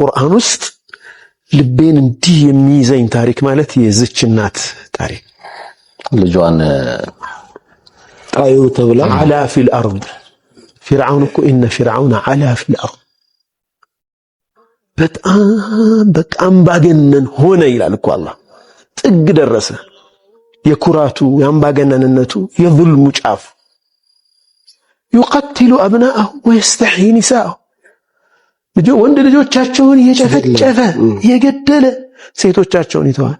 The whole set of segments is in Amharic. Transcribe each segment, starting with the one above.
ቁርአን ውስጥ ልቤን እንዲህ የሚይዘኝ ታሪክ ማለት የዝች እናት ታሪክ ልጇን ጣዩ ተብላ አላ ፊል አርድ ፊርዓውን እኮ ኢነ ፊርዓውን አላ ፊል አርድ በጣም በቃ አምባገነን ሆነ ይላል እኮ አላህ። ጥግ ደረሰ። የኩራቱ የአምባገነንነቱ የዙልሙ ጫፍ ዩቀትሉ አብናአሁ ወየስተሕይ ኒሳአሁ ወንድ ልጆቻቸውን እየጨፈጨፈ እየገደለ ሴቶቻቸውን ይተዋል።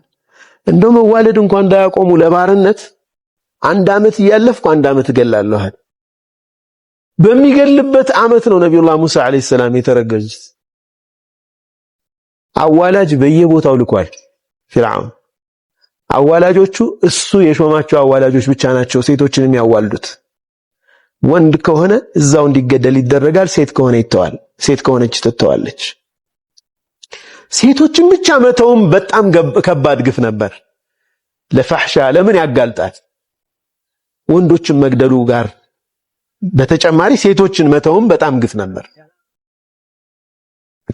እንደው መዋለድ እንኳን እንዳያቆሙ ለባርነት አንድ ዓመት እያለፍኩ አንድ ዓመት እገላለሁ። በሚገልበት ዓመት ነው ነቢዩላህ ሙሳ አለይሂ ሰላም የተረገዙት። አዋላጅ በየቦታው ልኳል ፊርዓውን። አዋላጆቹ እሱ የሾማቸው አዋላጆች ብቻ ናቸው ሴቶችን የሚያዋልዱት። ወንድ ከሆነ እዛው እንዲገደል ይደረጋል። ሴት ከሆነ ይተዋል። ሴት ከሆነች ትተዋለች። ሴቶችን ብቻ መተውም በጣም ከባድ ግፍ ነበር። ለፋሕሻ ለምን ያጋልጣል? ወንዶችን መግደሉ ጋር በተጨማሪ ሴቶችን መተውም በጣም ግፍ ነበር።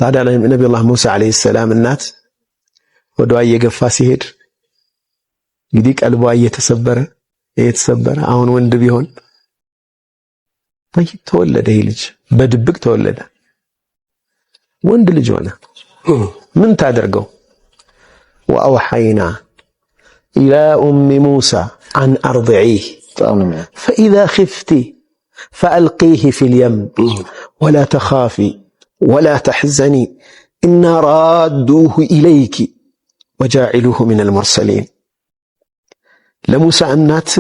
ታዲያ ነቢዩላህ ሙሳ ዓለይሂ ሰላም እናት ወደዋ እየገፋ ሲሄድ እንግዲህ ቀልቧ እየተሰበረ እየተሰበረ አሁን ወንድ ቢሆን طيب ተወለደ ይህ ልጅ በድብቅ ተወለደ። ወንድ ልጅ ሆነ። ምን ታደርገው? ወአውሐይና ኢላ ኡሚ ሙሳ አን አርድዒህ ፈኢዛ ኽፍቲ ፈአልቂህ ፊል የም ወላ ተኻፊ ወላ ተሕዘኒ ኢና ራዱሁ ኢለይኪ ወጃዒሉሁ ሚነል ሙርሰሊን። ለሙሳ እናት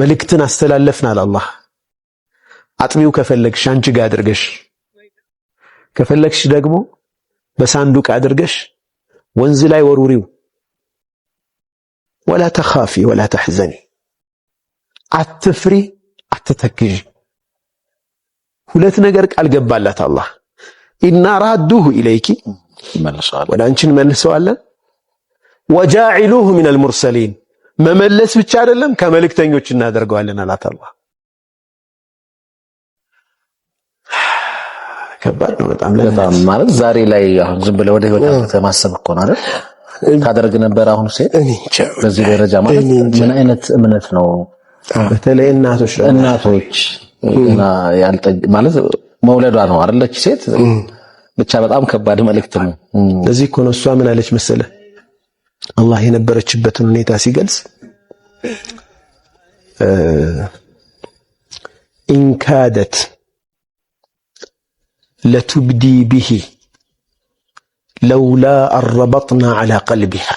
መልእክትን አስተላለፍናል አላህ አጥቢው ከፈለግሽ አንቺ ጋር አድርገሽ ከፈለግሽ ደግሞ በሳንዱቅ አድርገሽ ወንዝ ላይ ወሩሪው። ወላ ተኻፊ ወላ ተሕዘኒ፣ አትፍሪ አትተክዥ። ሁለት ነገር ቃል ገባላት አላህ። ኢና ራዱሁ ኢለይኪ ወደ አንቺን መልሰዋለን። ወጃዒሉሁ ሚነል ሙርሰሊን መመለስ ብቻ አይደለም ከመልእክተኞች እናደርገዋለን አላት አላህ ከባድ ነው በጣም በጣም ማለት ዛሬ ላይ አሁን ዝም ብለህ ወደ ህይወት ማሰብ እኮ ነው አይደል ታደርግ ነበር አሁን ሴት በዚህ ደረጃ ማለት ምን አይነት እምነት ነው በተለይ እናቶች እናቶች እና ያልጠጅ ማለት መውለዷ ነው አይደለች ሴት ብቻ በጣም ከባድ መልእክት ነው ለዚህ እኮ ነው እሷ ምን አለች መሰለ አላህ የነበረችበትን ሁኔታ ሲገልጽ ኢንካደት لتبدي به لولا أن ربطنا على قلبها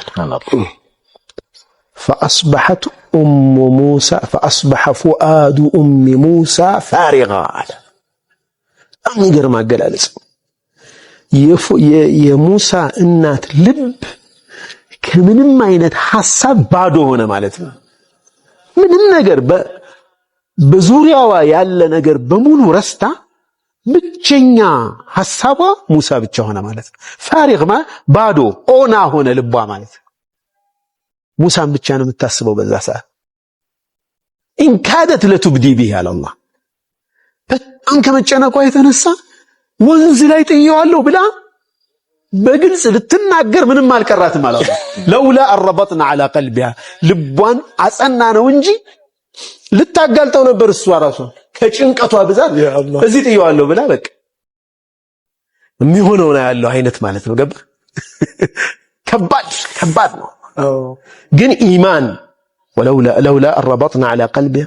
فأصبحت أم موسى فأصبح فؤاد أم موسى فارغا على أنقر ما قال يف يا موسى إنات تلب كمن ما ينات حسب بعده هنا مالتنا من النجر ب بزوري عوايا لنجر بمول ورستا ብቸኛ ሐሳቧ ሙሳ ብቻ ሆነ ማለት ነው። ፋሪግ ማ ባዶ ኦና ሆነ ልቧ ማለት ነው። ሙሳን ብቻ ነው የምታስበው በዛ ሰዓት። ኢንካደት ለቱብዲ ቢህ አለላ በጣም ከመጨነቋ የተነሳ ወንዝ ላይ ጥየዋለሁ ብላ በግልጽ ልትናገር ምንም አልቀራትም። አለ ለውላ አረበጥና ዐላ ልቧን አጸና ነው እንጂ ልታጋልጠው ነበር እሷ ራሷ ከጭንቀቷ ብዛት እዚህ ጥየዋለሁ ብላ በቃ የሚሆነው ነው ያለው አይነት ማለት ነው። ገባ ከባድ ከባድ ነው። ግን ኢማን ለውላ ረበጥና ዐላ ቀልቢህ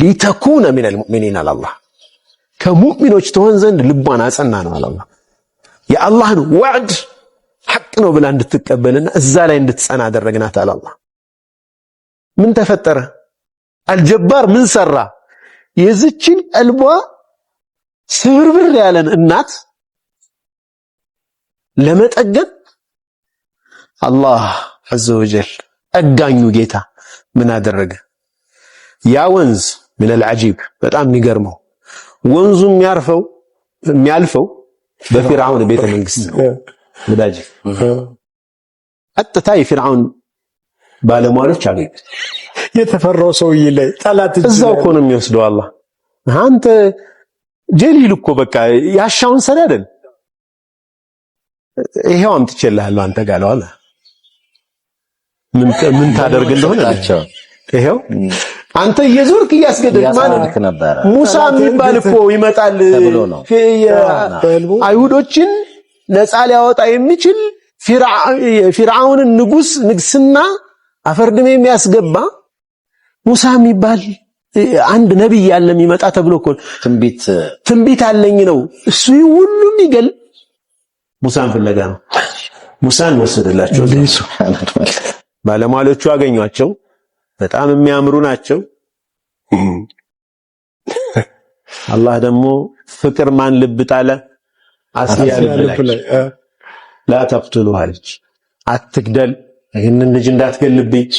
ሊተኩነ ሚነል ሙእሚኒን አለ አላህ ከሙእሚኖች ትሆን ዘንድ ልቧን አጸና ነው አለ አላህ የአላህን ዋዕድ ሐቅ ነው ብላ እንድትቀበልና እዛ ላይ እንድትጸና አደረግናት አለ ምን ተፈጠረ አልጀባር ምን ሰራ የዝችን ቀልቧ ስብርብር ያለን እናት ለመጠገን አላህ አዘወጀል ጠጋኙ ጌታ ምን አደረገ? ያ ወንዝ ሚነል ዐጂብ በጣም የሚገርመው ወንዙ የሚያርፈው የሚያልፈው በፊርዓውን ቤተ መንግስት ነው። ወዳጅ ቀጥታ የፊርዓውን ባለሟሎች አገኙት። የተፈራው ሰውዬ ላይ ጠላት እዛው እኮ ነው የሚወስደው። አላህ አንተ ጀሊል እኮ በቃ ያሻውን ሰሪ አይደል? ይሄው አምጥቼልሃለሁ አንተ ጋር አለ። ምን ምን ታደርግ እንደሆነ ይሄው አንተ እየዞርክ እያስገደድክ ማለት ሙሳ የሚባል እኮ ይመጣል አይሁዶችን ነፃ ሊያወጣ የሚችል ፊርዓውንን ንጉስ ንግስና አፈርድሜ የሚያስገባ ሙሳ የሚባል አንድ ነቢይ ያለ የሚመጣ ተብሎ እኮ ትንቢት ትንቢት አለኝ ነው እሱ ሁሉ የሚገል ሙሳን ፍለጋ ነው። ሙሳን ወሰደላቸው። ባለሟሎቹ አገኟቸው። በጣም የሚያምሩ ናቸው። አላህ ደግሞ ፍቅር ማን ልብ ጣለ? አስያ ልብ ላይ ላ ተቅትሉ አለች አትግደል ይህንን ልጅ እንዳትገልብኝ፣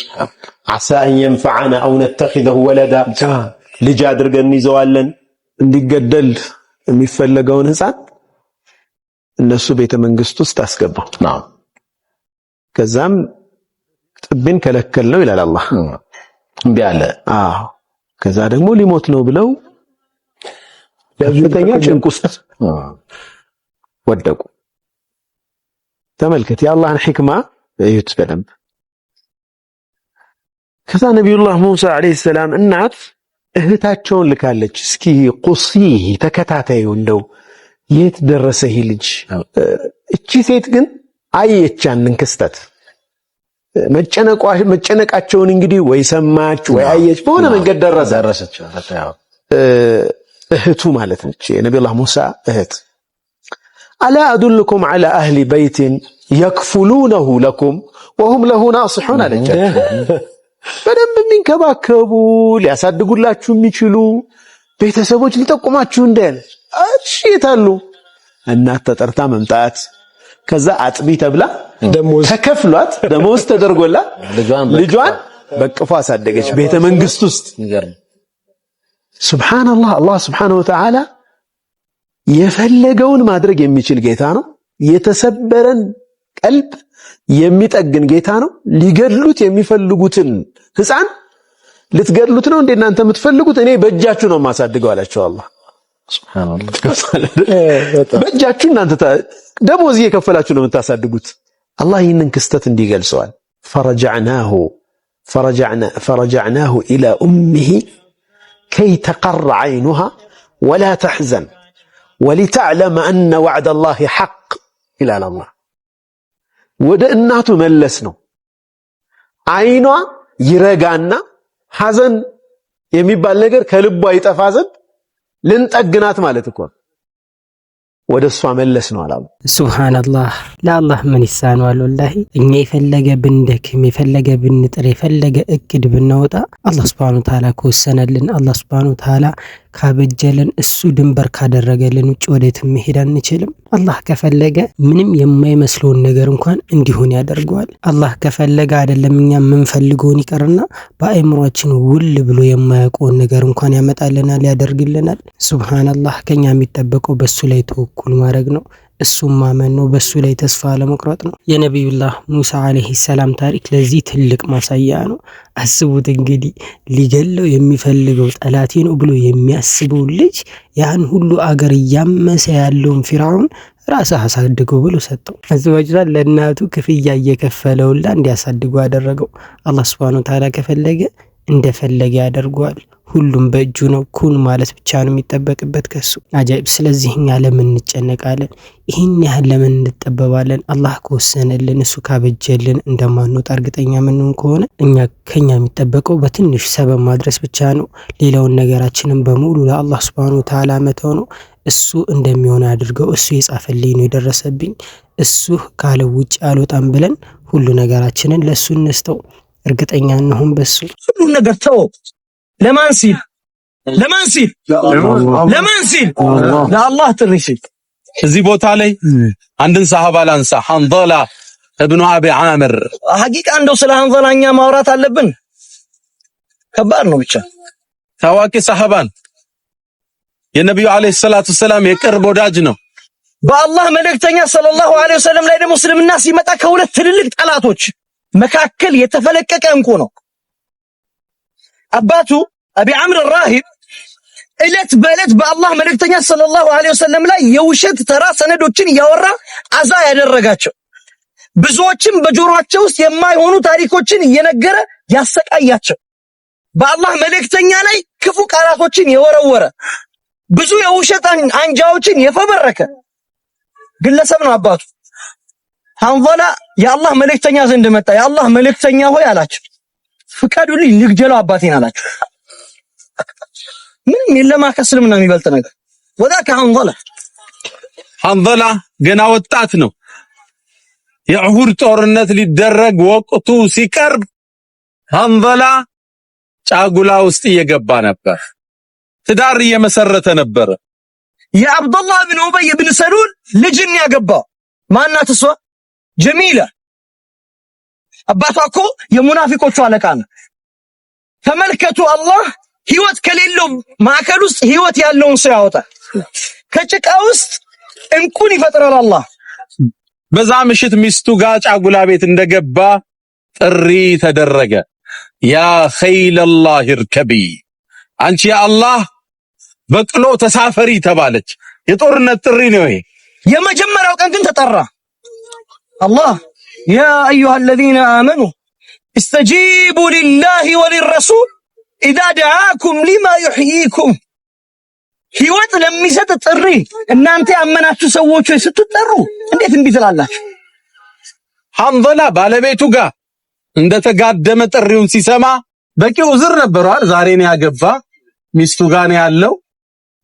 ዓሳ አን የንፈዓና አው ነተኺዘሁ ወለዳ፣ ልጅ አድርገን እንይዘዋለን። እንዲገደል የሚፈለገውን ህፃን እነሱ ቤተ መንግስት ውስጥ አስገባው። ከዛም ጥቤን ከለከል ነው ይላል አላህ። እምቢ አለ። አዎ። ከዛ ደግሞ ሊሞት ነው ብለው ከፍተኛ ጭንቅ ውስጥ ወደቁ። ተመልከት የአላህን ሕክማ እዩት በደንብ። ከዛ ነቢዩላህ ሙሳ ዓለይሂ ሰላም እናት እህታቸውን ልካለች። እስኪ ቁሲህ ተከታታዩ እንደው የት ደረሰ ይህ ልጅ? እቺ ሴት ግን አየች ያንን ክስተት መጨነቃቸውን እንግዲህ ወይ ሰማች ወይ አየች፣ በሆነ መንገድ ደረሰች። እህቱ ማለት ነች፣ የነቢዩላህ ሙሳ እህት አላ አዱልኩም ዓላ አህሊ በይትን የክፉሉነሁ ለኩም ወሁም ለሁ ናስሑን አለች። በደንብ የሚንከባከቡ ሊያሳድጉላችሁ የሚችሉ ቤተሰቦች ሊጠቁማችሁ እንዳለ እሺ፣ የታሉ እናት ተጠርታ መምጣት ከዛ አጥቢ ተብላ ተከፍሏት ደሞዝ ተደርጎላ ልጇን በቅፎ አሳደገች ቤተ መንግስት ውስጥ። ሱብሓነላህ አላህ ሱብሓነሁ ወተዓላ የፈለገውን ማድረግ የሚችል ጌታ ነው። የተሰበረን ቀልብ የሚጠግን ጌታ ነው። ሊገድሉት የሚፈልጉትን ህፃን ልትገድሉት ነው እንዴ እናንተ የምትፈልጉት? እኔ በእጃችሁ ነው የማሳድገው አላቸው። አላ በእጃችሁ እናንተ ደሞዝ እየከፈላችሁ ነው የምታሳድጉት። አላህ ይህንን ክስተት እንዲገልጸዋል ፈረጃዕናሁ ኢላ ኡሚሂ ከይ ተቀረ ዐይኑሃ ወላ ተሕዘን ወሊተዕለመ አነ ወዕደ ላሂ ሐቅ ይላል አላህ ወደ እናቱ መለስ ነው። አይኗ ይረጋና ሐዘን የሚባል ነገር ከልቧ ይጠፋ ዘንድ ልንጠግናት ማለት እኮ ወደ እሷ መለስ ነው አላሉ። ሱብሃነላህ ለአላህ ምን ይሳነዋል? ወላሂ እኛ የፈለገ ብንደክም የፈለገ ብንጥር የፈለገ እቅድ ብናወጣ አላህ ሱብሃነሁ ተዓላ ከወሰነልን አላህ ሱብሃነሁ ተዓላ ካበጀለን እሱ ድንበር ካደረገልን ውጭ ወዴት መሄድ አንችልም። አላህ ከፈለገ ምንም የማይመስለውን ነገር እንኳን እንዲሆን ያደርገዋል። አላህ ከፈለገ አይደለም እኛ የምንፈልገውን ይቀርና በአእምሯችን ውል ብሎ የማያውቀውን ነገር እንኳን ያመጣልናል፣ ያደርግልናል። ሱብሃነላህ ከኛ የሚጠበቀው በሱ ላይ ተወኩ ተወኩል ማድረግ ነው። እሱም ማመን ነው። በሱ ላይ ተስፋ ለመቁረጥ ነው። የነቢዩላህ ሙሳ ዓለይሂ ሰላም ታሪክ ለዚህ ትልቅ ማሳያ ነው። አስቡት እንግዲህ ሊገለው የሚፈልገው ጠላቴ ነው ብሎ የሚያስበው ልጅ ያን ሁሉ አገር እያመሰ ያለውን ፊራውን ራስ አሳድጎ ብሎ ሰጠው። አዘዋጅቷን ለእናቱ ክፍያ እየከፈለውላ እንዲያሳድገው አደረገው። አላህ ሱብሃነሁ ወተዓላ ከፈለገ እንደፈለገ ያደርገዋል። ሁሉም በእጁ ነው። ኩን ማለት ብቻ ነው የሚጠበቅበት ከሱ። አጃይብ። ስለዚህ እኛ ለምን እንጨነቃለን? ይህን ያህል ለምን እንጠበባለን? አላህ ከወሰነልን እሱ ካበጀልን እንደማንወጣ እርግጠኛ ምንም ከሆነ እኛ ከኛ የሚጠበቀው በትንሽ ሰበብ ማድረስ ብቻ ነው። ሌላውን ነገራችንን በሙሉ ለአላህ ስብሃነ ወተዓላ መተው ነው። እሱ እንደሚሆን አድርገው እሱ የጻፈልኝ ነው የደረሰብኝ፣ እሱ ካለ ውጭ አልወጣም ብለን ሁሉ ነገራችንን ለእሱ እንስተው። እርግጠኛ እንሁን በሱ ሁሉ ነገር ተው። ለማን ሲል ለማን ሲል ለማን ሲል ለአላህ ጥሪ ሲል እዚህ ቦታ ላይ አንድን ሰሃባ ላንሳ፣ ሐንዘላ እብኑ አቢ ዓምር ሐቂቃ እንደው ስለ ሐንዘላ እኛ ማውራት አለብን? ከባድ ነው። ብቻ ታዋቂ ሰሃባን የነቢዩ ዓለይሂ ሰላቱ ሰላም የቅርብ ወዳጅ ነው። በአላህ መልእክተኛ ሰለላሁ ዐለይሂ ወሰለም ላይ ደግሞ እስልምና ሲመጣ ከሁለት ትልልቅ ጠላቶች መካከል የተፈለቀቀ እንቁ ነው። አባቱ አቢ አምር ራሂብ እለት በእለት በአላህ መልእክተኛ ሰለላሁ ዐለይሂ ወሰለም ላይ የውሸት ተራ ሰነዶችን እያወራ አዛ ያደረጋቸው ብዙዎችም በጆሮአቸው ውስጥ የማይሆኑ ታሪኮችን እየነገረ ያሰቃያቸው በአላህ መልእክተኛ ላይ ክፉ ቃላቶችን የወረወረ ብዙ የውሸት አንጃዎችን የፈበረከ ግለሰብ ነው አባቱ። ሐንዘላ የአላህ መልእክተኛ ዘንድ መጣ። የአላህ መልእክተኛ ሆይ አላቸው፣ ፍቀዱልኝ ልግደለው አባቴን አላቸው። ምንም የለም ከእስልምና የሚበልጥ ነገር ወዳ ከሐንዘላ ሐንዘላ ገና ወጣት ነው። የኡሁድ ጦርነት ሊደረግ ወቅቱ ሲቀርብ ሐንዘላ ጫጉላ ውስጥ እየገባ ነበር። ትዳር እየመሰረተ ነበረ። የአብዱላህ ብን ኡበይ ብን ሰሉል ልጅን ያገባ ማናት እሷ ጀሚለ አባቷ እኮ የሙናፊቆቹ አለቃ ነው። ተመልከቱ፣ አላህ ህይወት ከሌለው ማዕከል ውስጥ ህይወት ያለውን ሰው ያወጣል። ከጭቃ ውስጥ እንቁን ይፈጥራል አላህ። በዛ ምሽት ሚስቱ ጋር ጫጉላ ቤት እንደገባ ጥሪ ተደረገ። ያ ኸይለላህ እርከቢ፣ አንቺ የአላህ በቅሎ ተሳፈሪ ተባለች። የጦርነት ጥሪ ነው ይሄ። የመጀመሪያው ቀን ግን ተጠራ። አላህ ያ አዩሃ አለዚነ አመኑ እስተጂቡ ሊላሂ ወሊረሱል ኢዛ ደዓኩም ሊማ ዩሕይኩም። ህይወት ለሚሰጥ ጥሪ እናንተ ያመናችሁ ሰዎች ስትጠሩ እንዴት እምቢ ትላላችሁ? ሐንዘላ ባለቤቱ ጋር እንደተጋደመ ጥሪውን ሲሰማ በቂ ዑዝር ነበረዋል። ዛሬ ነው ያገባ፣ ሚስቱ ጋር ነው ያለው።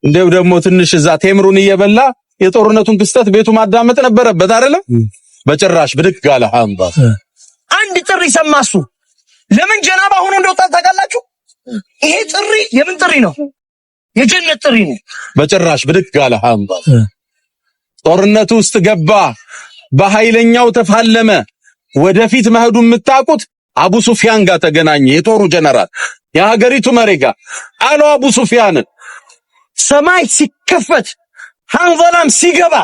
እንደው ደግሞ ትንሽ እዛ ቴምሩን እየበላ የጦርነቱን ክስተት ቤቱ ማዳመጥ ነበረበት አይደለም? በጭራሽ ብድግ አለ ሐምባ አንድ ጥሪ ሰማሱ። ለምን ጀናባ ሆኖ እንደወጣ ታውቃላችሁ? ይሄ ጥሪ የምን ጥሪ ነው? የጀነት ጥሪ ነው። በጭራሽ ብድግ አለ ሐምባ። ጦርነት ውስጥ ገባ፣ በኃይለኛው ተፋለመ። ወደፊት መሄዱ የምታውቁት አቡ ሱፊያን ጋር ተገናኘ። የጦሩ ጀነራል የሀገሪቱ መሪ ጋር አለው አቡ ሱፊያንን ሰማይ ሲከፈት ሐንዘላም ሲገባ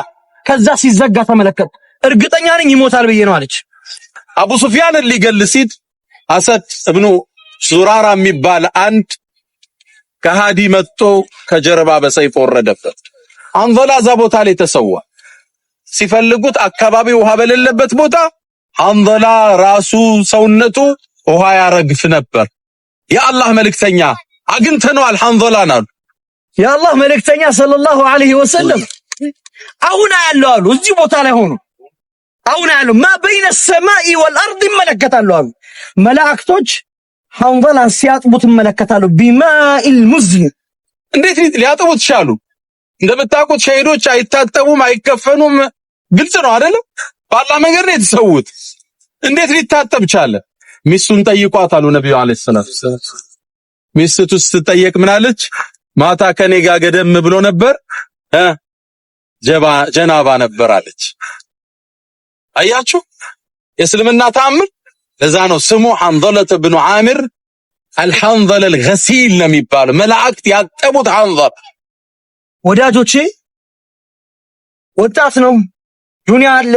ከዛ ሲዘጋ ተመለከት። እርግጠኛ ነኝ ይሞታል ብዬ ነው አለች። አቡ ሱፊያን ሊገል ሲል አሰድ እብኑ ዙራራ የሚባል አንድ ከሃዲ መጥቶ ከጀርባ በሰይፍ ወረደበት። አንዘላ እዛ ቦታ ላይ ተሰዋ። ሲፈልጉት አካባቢ ውሃ በሌለበት ቦታ አንዘላ ራሱ ሰውነቱ ውሃ ያረግፍ ነበር። የአላህ መልእክተኛ አግኝተነዋል አንዘላን አሉ። የአላህ መልእክተኛ ሰለላሁ ዐለይሂ ወሰለም አሁን አያለው አሉ። እዚህ ቦታ ላይ ሆኖ አሁን ያሉ ማ በይነ ሰማኢ ወልአርድ ይመለከታሉ አሉ መላእክቶች ሐንበላን ሲያጥቡት ይመለከታሉ። ቢማኢል ሙዝን እንዴት ሊያጥቡት ቻሉ? እንደምታውቁት ሸሂዶች አይታጠቡም፣ አይከፈኑም። ግልጽ ነው አይደለም? ባላህ መንገድ ነው የተሰዉት። እንዴት ሊታጠብ ቻለ? ሚስቱን ጠይቋት አሉ ነቢዩ አለይሂ ሰላም። ሚስቱ ስትጠየቅ ምናለች? ማታ ከኔ ጋር ገደም ብሎ ነበር ጀናባ ነበር አለች። አያችሁ የእስልምና ተአምር። ለዛ ነው ስሙ ሐንዘለት ብኑ ዓምር አልሐንዘል አልገሲል ነው የሚባለው። መላእክት ያጠቡት ሐንዘል። ወዳጆቼ ወጣት ነው፣ ዱንያ አለ፣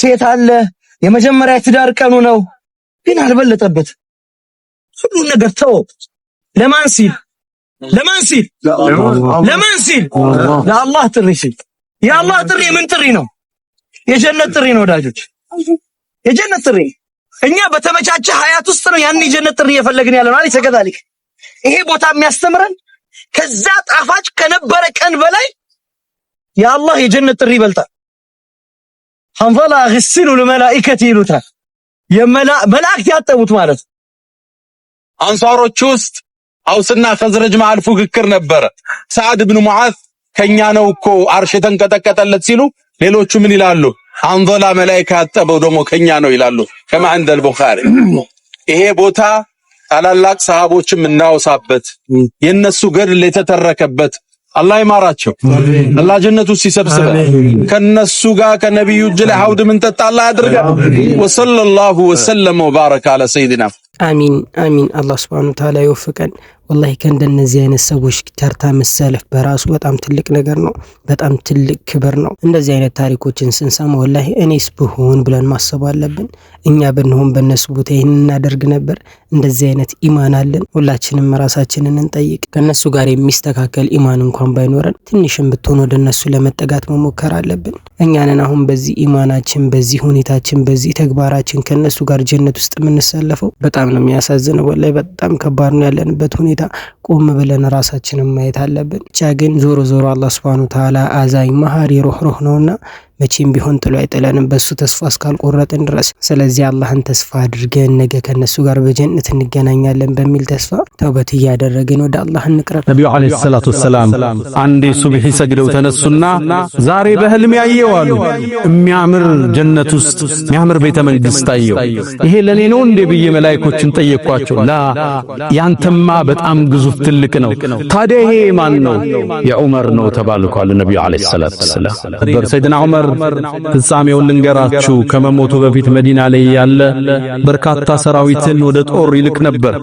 ሴት አለ፣ የመጀመሪያ የትዳር ቀኑ ነው። ግን አልበለጠበት። ሁሉን ነገር ተው። ለማን ሲል ለማን ሲል ለማን ሲል ለአላህ ጥሪ ሲል። የአላህ ጥሪ ምን ጥሪ ነው? የጀነት ጥሪ ነው ወዳጆች፣ የጀነት ጥሪ። እኛ በተመቻቸ ሀያት ውስጥ ነው ያን የጀነት ጥሪ እየፈለግን ያለ ነው አለች ይሄ ቦታ የሚያስተምረን ከዛ ጣፋጭ ከነበረ ቀን በላይ የአላህ የጀነት ጥሪ ይበልጣል። ሐንፈላ ግስሉ ለመላእከት ይሉታል መላእክት ያጠቡት ማለት ነው። አንሷሮች ውስጥ አውስና ከዝረጅ መሃል ፉክክር ነበረ። ሰዓድ ብን ሙዓዝ ከኛ ነው እኮ አርሽ የተንቀጠቀጠለት ሲሉ ሌሎቹ ምን ይላሉ? አንዞላ መላይካ ያጠበው ደግሞ ከኛ ነው ይላሉ። ከማ እንደል ቡኻሪ ይሄ ቦታ ታላላቅ ሰሃቦችም እናወሳበት የነሱ ገድል የተተረከበት አላህ ይማራቸው፣ አላህ ጀነቱ ሲሰብስበን ከነሱ ጋር ከነቢዩ እጅ ላይ ሐውድ ምን ጠጣ አላህ ያድርገን። ወሰለላሁ ወሰለመ ወባረከ አለ ሰይድና። አሚን አሚን። አላህ ሱብሓነሁ ወተዓላ ይወፍቀን። ወላሂ ከእንደነዚህ አይነት ሰዎች ተርታ መሰለፍ በራሱ በጣም ትልቅ ነገር ነው። በጣም ትልቅ ክብር ነው። እንደዚህ አይነት ታሪኮችን ስንሰማ ወላሂ እኔስ ብሆን ብለን ማሰብ አለብን። እኛ ብንሆን በእነሱ ቦታ ይህን እናደርግ ነበር። እንደዚህ አይነት ኢማን አለን። ሁላችንም ራሳችንን እንጠይቅ። ከእነሱ ጋር የሚስተካከል ኢማን እንኳን ባይኖረን ትንሽም ብትሆን ወደ እነሱ ለመጠጋት መሞከር አለብን። እኛንን አሁን በዚህ ኢማናችን፣ በዚህ ሁኔታችን፣ በዚህ ተግባራችን ከእነሱ ጋር ጀነት ውስጥ የምንሰለፈው በጣም ነው የሚያሳዝነው። ወላሂ በጣም ከባድ ነው ያለንበት ሁኔታ ሁኔታ ቆም ብለን ራሳችንን ማየት አለብን። ብቻ ግን ዞሮ ዞሮ አላህ ሱብሃነሁ ወተዓላ አዛኝ፣ መሐሪ፣ ሩህሩህ ነውና መቼም ቢሆን ጥሎ አይጥለንም በእሱ ተስፋ እስካልቆረጥን ድረስ። ስለዚህ አላህን ተስፋ አድርገን ነገ ከነሱ ጋር በጀነት እንገናኛለን በሚል ተስፋ ተውበት እያደረግን ወደ አላህ እንቅረብ። ነቢዩ ዓለይሂ ሰላቱ ወሰላም አንዴ ሱብሒ ሰግደው ተነሱና ዛሬ በህልም ያየዋሉ የሚያምር ጀነት ውስጥ የሚያምር ቤተ መንግስት አየው። ይሄ ለእኔ ነው እንዴ ብዬ መላይኮችን ጠየቅኳቸው። ላ ያንተማ በጣም ግዙፍ ትልቅ ነው። ታዲያ ይሄ ማን ነው? የዑመር ነው ተባልኳል። ነቢዩ ዓለይሂ ሰላቱ ወሰላም ሰይድና ዑመር ፍጻሜውን ልንገራችሁ። ከመሞቱ በፊት መዲና ላይ ያለ በርካታ ሰራዊትን ወደ ጦር ይልክ ነበር።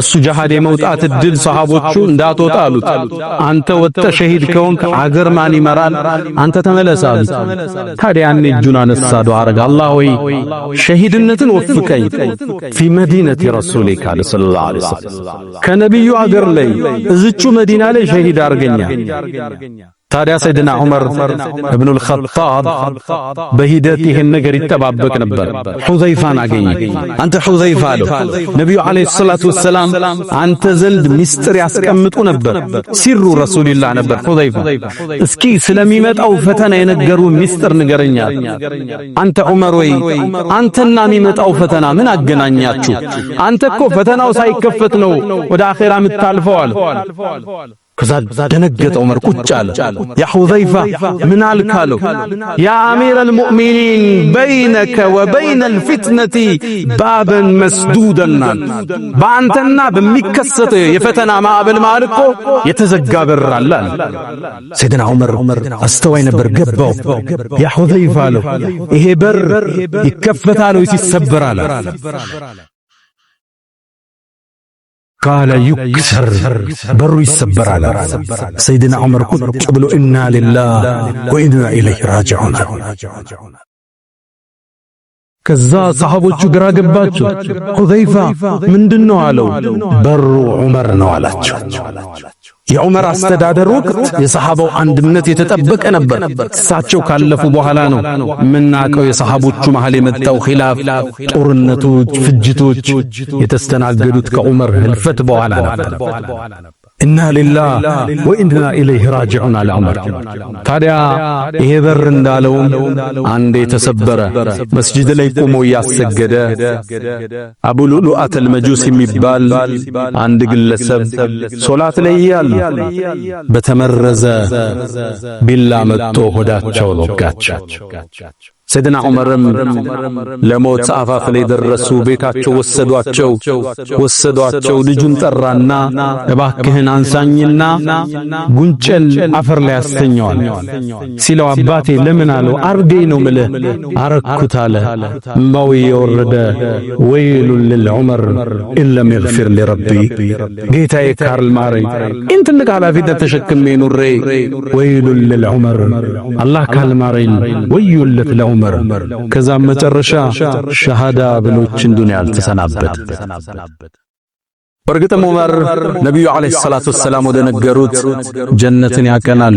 እሱ ጅሃድ የመውጣት እድል ሰሃቦቹ እንዳትወጣ አሉት። አንተ ወጥተ ሸሂድ ከሆንክ አገር ማን ይመራል? አንተ ተመለስ አሉት። ታዲያ ያኔ እጁን አነሳ፣ ዱዓ አረገ። አላህ ሆይ ሸሂድነትን ወፍቀኝ ፊ መዲነቲ ረሱሊካ ሰለላሁ ዐለይሂ ወሰለም ከነቢዩ አገር ላይ እዝቹ መዲና ላይ ሸሂድ አርገኛ ታዲያ ሰይድና ዑመር እብኑል ኸጣብ በሂደት ይህን ነገር ይጠባበቅ ነበር። ሑዘይፋን አገኘ። አንተ ሑዘይፋ አለው ነቢዩ ዓለይሂ ሰላቱ ወሰላም አንተ ዘንድ ምስጢር ያስቀምጡ ነበር። ሲሩ ረሱልላህ ነበር። ሑዘይፋ እስኪ ስለሚመጣው ፈተና የነገሩ ሚስጥር ንገረኛል። አንተ ዑመር ወይ አንተና የሚመጣው ፈተና ምን አገናኛችሁ? አንተ እኮ ፈተናው ሳይከፈት ነው ወደ አኼራ የምታልፈዋል። ከዛ ደነገጠ። ዑመር ቁጭ አለ። ያ ሁዘይፋ ምን አልካለው? ያ አሚረል ሙእሚኒን በይነከ ወበይነል ፊትነቲ ባበን መስዱደናል። በአንተና በሚከሰት የፈተና ማዕበል መሃል እኮ የተዘጋ በር አለ። ሰይድና ዑመር አስተዋይ ነበር፣ ገባው። ያ ሁዘይፋ አለው ይሄ በር ይከፈታል ወይስ ይሰበራል? ቃለ ዩክሰር በሩ ይሰበራል። ሰይድና ዑመር ቁጭ ብሎ ኢና ሊላህ ወኢና ኢለይህ ራጅዑን። ከዛ ሰሐቦቹ ግራ ገባቸው። ሁዘይፋ ምንድን ነው አለው። በሩ ዑመር ነው አላቸው። የዑመር አስተዳደር ወቅት የሰሃባው አንድነት የተጠበቀ ነበር። እሳቸው ካለፉ በኋላ ነው የምናውቀው የሰሃቦቹ መሃል የመጣው ኺላፍ፣ ጦርነቶች፣ ፍጅቶች የተስተናገዱት ከዑመር ህልፈት በኋላ ነበር። እና ሊላህ ወኢና ኢለይህ ራጅዑን አለ ዑመር። ታዲያ ይሄ በር እንዳለውም አንድ የተሰበረ መስጂድ ላይ ቆሞ እያሰገደ አቡ ሉሉአት አልመጁስ የሚባል አንድ ግለሰብ ሶላት ላይ እያሉ በተመረዘ ቢላ መጥቶ ሆዳቸው ወጋቸው። ሰይድና ዑመርም ለሞት አፋፍ ላይ ደረሱ። ቤታቸው ወሰዷቸው ወሰዷቸው። ልጁን ጠራና እባክህን አንሳኝና ጉንጨል አፈር ላይ አስተኛዋል ሲለው አባቴ ለምን አለው። አርዴ ነው ምልህ አረኩት አለ። እምባው የወረደ ወይሉን ለዑመር ኢለም ይግፊር ለረቢ ጌታዬ ካርል ማርክ ይህን ትልቅ ኃላፊነት ተሸክሜ ኑሬ ወይሉን ለዑመር አላህ ካልማረኝ ወዮለት ለዑመር ጀመር። ከዛም መጨረሻ ሸሃዳ ብሎችን ዱንያ አልተሰናበት። በእርግጥም ዑመር ነቢዩ ዓለይሂ ሰላቱ ወሰላም ወደ ነገሩት ጀነትን ያቀናል፣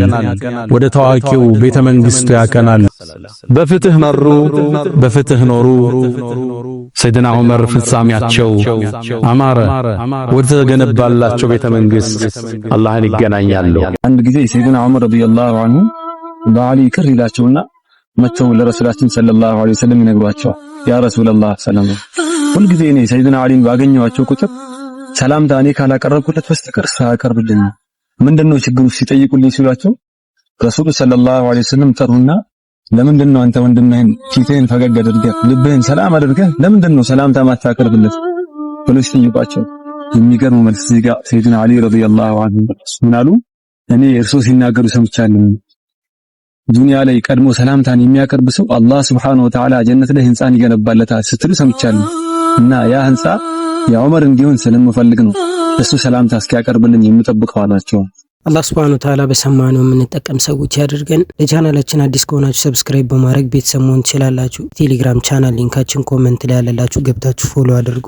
ወደ ታዋቂው ቤተ መንግሥቱ ያቀናል። በፍትህ መሩ፣ በፍትህ ኖሩ። ሰይድና ዑመር ፍጻሜያቸው አማረ። ወደ ተገነባላቸው ቤተ መንግሥት አላህን ይገናኛሉ። አንድ ጊዜ ሰይድና ዑመር ረዲየላሁ ዐንሁ በዓሊ ቅር ይላቸውና መቸው ለረሱላችን ሰለላሁ ዐለይሂ ወሰለም ይነግሯቸዋል። ያ ረሱላላህ ሰለላሁ ሁልጊዜ እኔ ሰይድና አሊን ባገኘዋቸው ቁጥር ሰላምታ እኔ ካላቀረብኩለት በስተቀር ሳያቀርብልኝ ምንድነው ችግሩ ሲጠይቁልኝ ሲሏቸው ረሱሉ ሰለላሁ ዐለይሂ ወሰለም ጠሩና ለምንድነው አንተ ወንድምህን ፊትህን ፈገግ አድርገህ ልብህን ሰላም አድርገህ ለምንድነው ሰላምታ ማታቀርብለት ብሎ ሲጠይቋቸው የሚገርም መልስ እዚህ ጋር ሰይድና አሊ ረዲየላሁ ዐንሁ ምን አሉ? እኔ እርሶ ሲናገሩ ሰምቻለሁ ዱንያ ላይ ቀድሞ ሰላምታን የሚያቀርብ ሰው አላህ ሱብሓነሁ ወተዓላ ጀነት ላይ ህንፃን ይገነባለታል ስትሉ ሰምቻለሁ። እና ያ ህንፃ የዑመር እንዲሆን ስለምፈልግ ነው እሱ ሰላምታ እስኪያቀርብልን የምጠብቀው አላቸው። አላህ ሱብሓነሁ ወተዓላ በሰማነው የምንጠቀም ሰዎች ያድርገን። ለቻናላችን አዲስ ከሆናችሁ ሰብስክራይብ በማድረግ ቤተሰብ መሆን ትችላላችሁ። ቴሌግራም ቻናል ሊንካችን ኮመንት ላይ ያለላችሁ ገብታችሁ ፎሎ አድርጉ።